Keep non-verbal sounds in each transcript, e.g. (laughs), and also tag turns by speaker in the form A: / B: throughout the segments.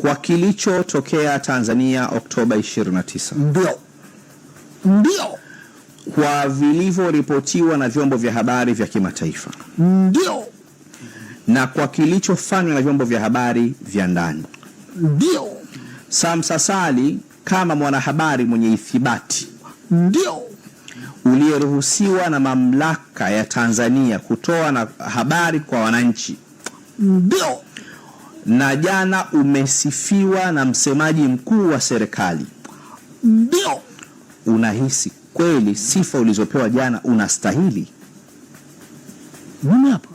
A: kwa kilichotokea Tanzania Oktoba 29.
B: Ndio. Ndio.
A: Kwa vilivyoripotiwa na vyombo vya habari vya kimataifa.
B: Ndio.
A: Na kwa kilichofanywa na vyombo vya habari vya ndani. Ndio. Samsa Sali kama mwanahabari mwenye ithibati. Ndio. Uliyeruhusiwa na mamlaka ya Tanzania kutoa na habari kwa wananchi.
B: Ndio
A: na jana umesifiwa na msemaji mkuu wa serikali. Ndio unahisi kweli sifa ulizopewa jana unastahili?
B: Mimi hapa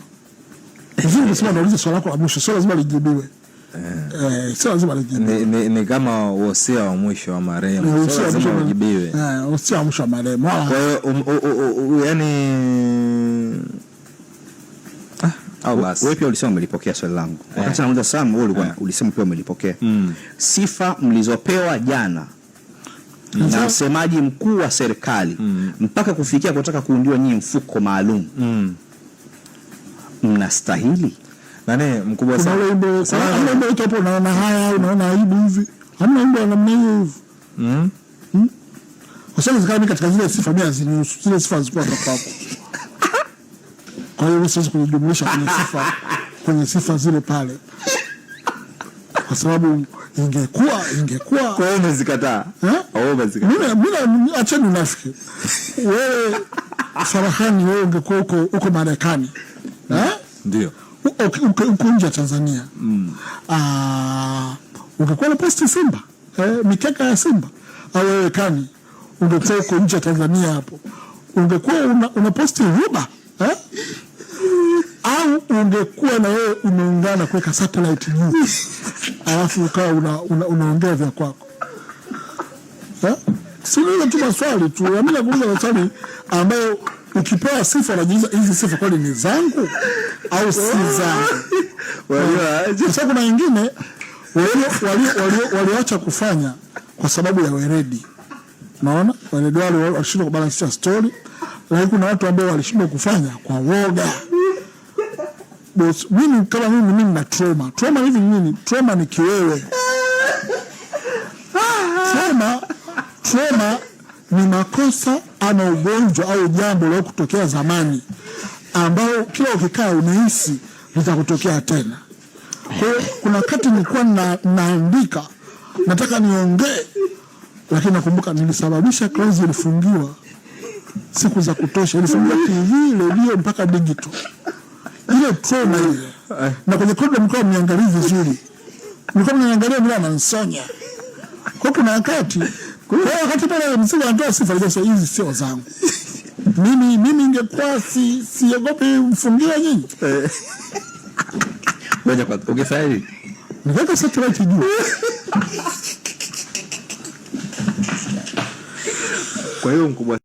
B: hivi nasema, nauliza swali lako la mwisho, sio lazima lijibiwe. Eh, eh sio lazima lijibiwe.
C: Ni, ni kama wosia wa mwisho wa marehemu, sio lazima ujibiwe.
B: Eh, wosia wa mwisho wa marehemu.
C: Kwa hiyo um, yani au basi.
A: Wewe pia ulisema umelipokea swali langu eh. Wakati anauliza salamu wewe ulikuwa eh, ulisema pia umelipokea mm. Sifa mlizopewa jana mm. na msemaji mkuu wa serikali mm. mpaka kufikia kutaka kuundiwa nyinyi mfuko maalum mm. mnastahili
C: nani mkubwa
B: sana hapo? unaona haya unaona aibu hivi hamna aibu namna hiyo hivi
C: mm. mm.
B: Katika zile sifa mimi zile sifa zilikuwa za kwako kwa hiyo siwezi kujumlisha kwenye (laughs) sifa, kwenye sifa zile pale, kwa sababu ingekuwa ingekuwa.
C: Kwa hiyo umezikataa
B: acheni unafiki wewe. Farahani, wewe ungekuwa uko uko Marekani, ndio uko nje ya Tanzania, mm. ah, ungekuwa na posti Simba, mikeka ya Simba au wewekani, ungekuwa uko nje ya Tanzania hapo, ungekuwa una posti ruba au ungekuwa na wewe umeungana kuweka satellite juu alafu ukawa unaongea una, una vya kwako siniuza tu maswali tu, amina kuuza maswali ambayo ukipewa sifa unajiuza hizi sifa kwani ni zangu au si zangu? kuna wengine walioacha kufanya kwa sababu ya weredi, naona weredi wale walishindwa kubalansisha stori, lakini kuna watu ambao walishindwa kufanya kwa woga boss, mimi kama mimi mimi na trauma. Trauma hivi nini? Trauma ni kiwewe. Trauma, trauma ni makosa ama ugonjwa au jambo la kutokea zamani ambao kila ukikaa unahisi litakutokea tena. Kwa kuna wakati nilikuwa na, naandika nataka niongee, lakini nakumbuka nilisababisha Clouds ilifungiwa siku za kutosha, ilifungiwa TV, redio mpaka digital hiyo tena hiyo, na kwenye kodam mkoa mniangalie vizuri, mlikuwa mnaniangalia bila mansonya kwa kuna wakati kwa wakati pale msingi anatoa sifa hizo, sio hizi sio zangu mimi. Mimi ingekuwa si siogopi mfungia nyinyi
C: ngoja kwa ungefaili
B: niweka satellite juu kwa hiyo mkubwa